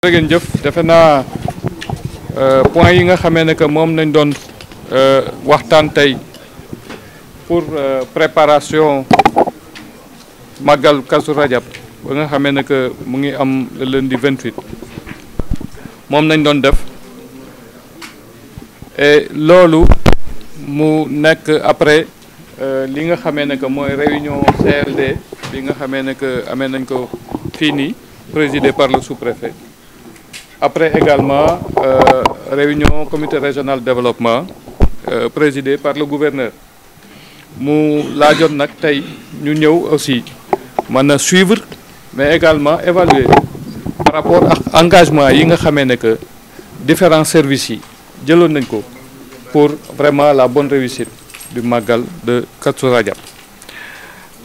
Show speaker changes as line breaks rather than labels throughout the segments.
jërëgeen jëf defe naa euh, point yi nga xamee ne que moom nañ doon euh, waxtaan tey pour euh, préparation màggal Kazu Rajab ba nga xamee ne que mu ngi am le lundi 28 moom nañ doon def et loolu mu nekk après li nga xamee ne que mooy réunion CRD bi nga xamee ne que amee nañ ko fii nii présidé par le sous-préfet Après également, euh, réunion comité régional de développement euh, présidé par le gouverneur. mu laajoon nag tey ñu ñëw aussi mën a suivre mais également évaluer par rapport ak engagement yi nga xamee ne que différents services yi jëloon nañ ko pour vraiment la bonne réussite du màggal de Kazu Rajab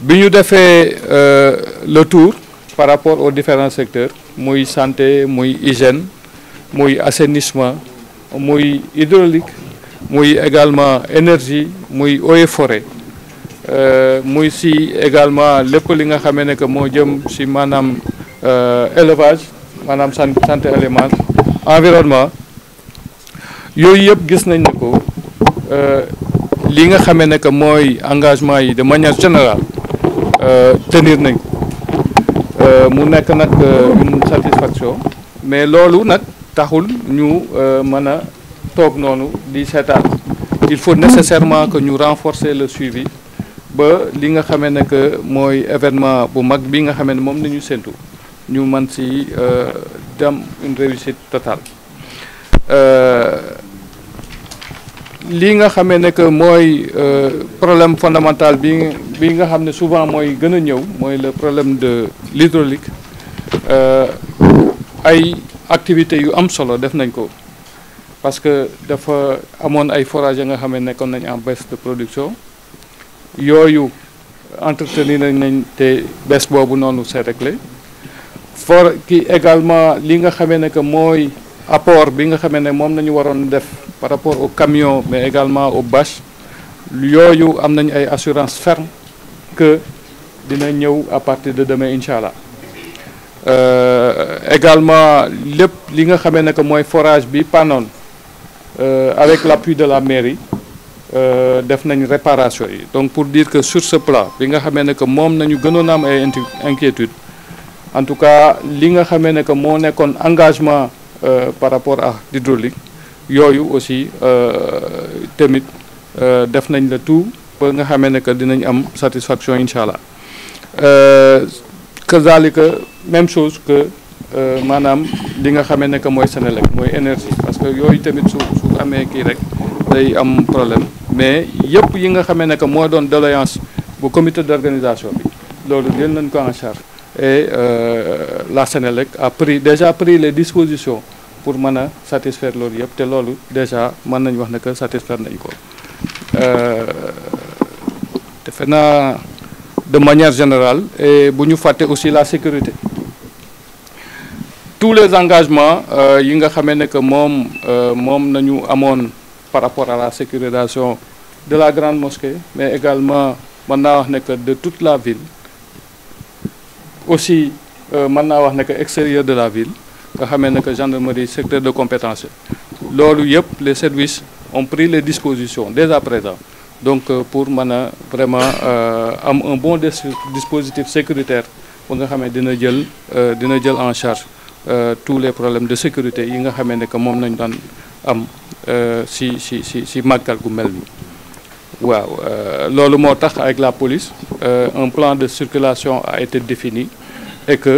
bi ñu defee euh, le tour par rapport aux différents secteurs muy santé muy hygiène muy assainissement muy hydraulique muy également énergie muy eaux et forêt euh, muy si également lépp li nga xame ne que moo jëm si maanaam euh, élevage maanaam santé aliment environnement yooyu yëpp gis nañ ne ko euh, li nga xamee ne que mooy engagement yi de manière générale tenir nañ Euh, mu nekk nag euh, une satisfaction mais loolu nag taxul ñu euh, mën a toog noonu di seetaan il faut nécessairement que ñu renforcer le suivi ba li nga xamee ne mooy événement bu mag bi nga xamee ne moom nañu séntu ñu mën si dem une réussite totale li nga xamee ne que mooy problème fondamental bi bi nga xam ne souvent mooy gën a ñëw mooy le problème de l'hydraulique euh, ay activités yu am solo def nañ ko parce que dafa amoon ay forage nga xam ne nekkoon nañ am baisse de production yooyu entretenir nañ nañ te bess boobu noonu c'est réglé for ki également li nga xamee ne que mooy apport bi nga xamee ne moom nañu waroon def par rapport au camion mais également au bâches yooyu am nañ ay assurance ferme que dina ñëw à partir de demain incha allah euh, également lépp li nga xamee ne que mooy forage bi panoon euh, avec l'appui de la mairie euh, def nañ réparation yi donc pour dire que sur ce plan bi nga xamee ne que moom nañu gënoon am ay inquiétude en tout cas li nga xamee ne que moo nekkoon engagement par rapport à l'hydraulique yooyu aussi tamit def nañ la tout ba nga xamee ne que dinañ am satisfaction incha euh, que kazalika même chose que euh, maanaam li nga xamee ne que mooy Senelec mooy énergie parce que yooyu tamit su su amee kii rek day am problème mais yëpp yi nga xamee ne que moo doon doléance bu comité d' organisation bi loolu jël nañ ko en charge et euh, la Senelec a pris déjà pris les dispositions pour mën a satisfaire loolu yëpp te loolu déjà mën nañu wax ne que satisfaire nañu ko. defe naa de manière générale e bu ñu fàtte aussi la sécurité tous les engagements euh, yi nga xamee ne que moom euh, moom nañu amoon par rapport à la sécuritation de la grande mosquée mais également mën naa wax ne que de toute la ville aussi euh, man naa wax ne que extérieur de la ville nga xamee ne que gendarmerie secteur de compétence loolu yëpp les services ont pris les dispositions dès à présent donc euh, pour mën a vraiment euh, am un bon dispositif sécuritaire ba nga xamee dina jël euh, dina jël en charge tous les problèmes de sécurité yi nga xamee ne que moom nañu daan am si si si si màggal gu mel nii waaw loolu moo tax avec la police un plan de circulation a été défini et que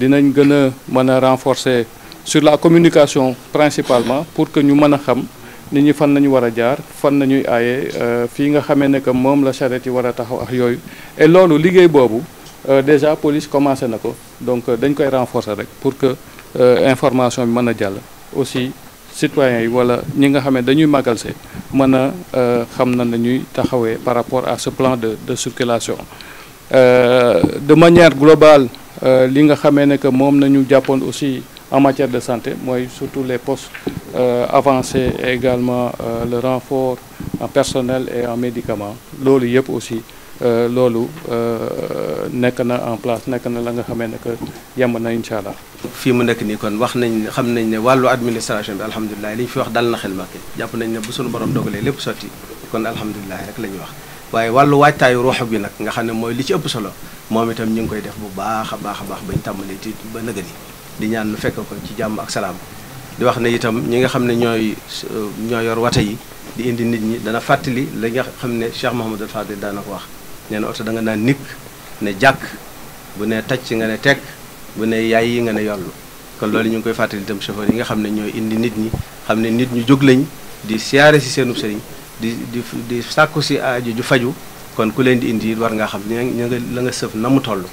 dinañ gën a mën a renforcer sur la communication principalement pour que ñu mën a xam nit ñi fan nañu war a jaar fan nañuy aaye euh, fii nga xamee ne que moom la charrette war a taxaw ak yooyu e loolu liggéey boobu euh, déjà police commencé na ko donc euh, dañ koy renforcer rek pour que information bi mën a jàll aussi citoyens yi wala ñi nga xam ne dañuy màggal see mën a xam na nañuy taxawee par rapport à ce plan de de circulation de manière globale li nga xamee ne que moom nañu jàppoon aussi en matière de santé mooy surtout les postes Euh, avancer également euh, le renfort en personnel et en médicaments loolu yëpp aussi euh, loolu
nekk na en place nekk na la nga xamee ne que yemb na incha allah. fii mu nekk nii kon wax nañ xam nañ ne wàllu administration bi alhamdulilah li ñu fi wax dal na xel Mbacké jàpp nañ ne bu sunu borom dogalee lépp sotti kon alhamdulilah rek la ñuy wax. waaye wàllu waajtaayu ruux bi nag nga xam ne mooy li ci ëpp solo moom itam ñu ngi koy def bu baax a baax a baax bañ tàmbalee ci ba nëgëni di ñaan nu ko ci jàmm ak salaam. di wax ne itam ñi nga xam ne ñooy ñoo yor wate yi di indi nit ñi dana fàttali la xam ne Cheikh Mouhamadul Fadil daana ko wax nee na oto da nga naan nikk ne jàkk bu ne tacc nga ne teg bu ne yaay yi nga ne yollu kon loolu ñu ngi koy fàttali itam chauffeur yi nga xam ne ñooy indi nit ñi xam ne nit ñu jóg lañ di siyaare si seenub sëriñ di di di sàkku si aaju ju faju kon ku leen di indi war ngaa xam ne ña la nga sëf na mu toll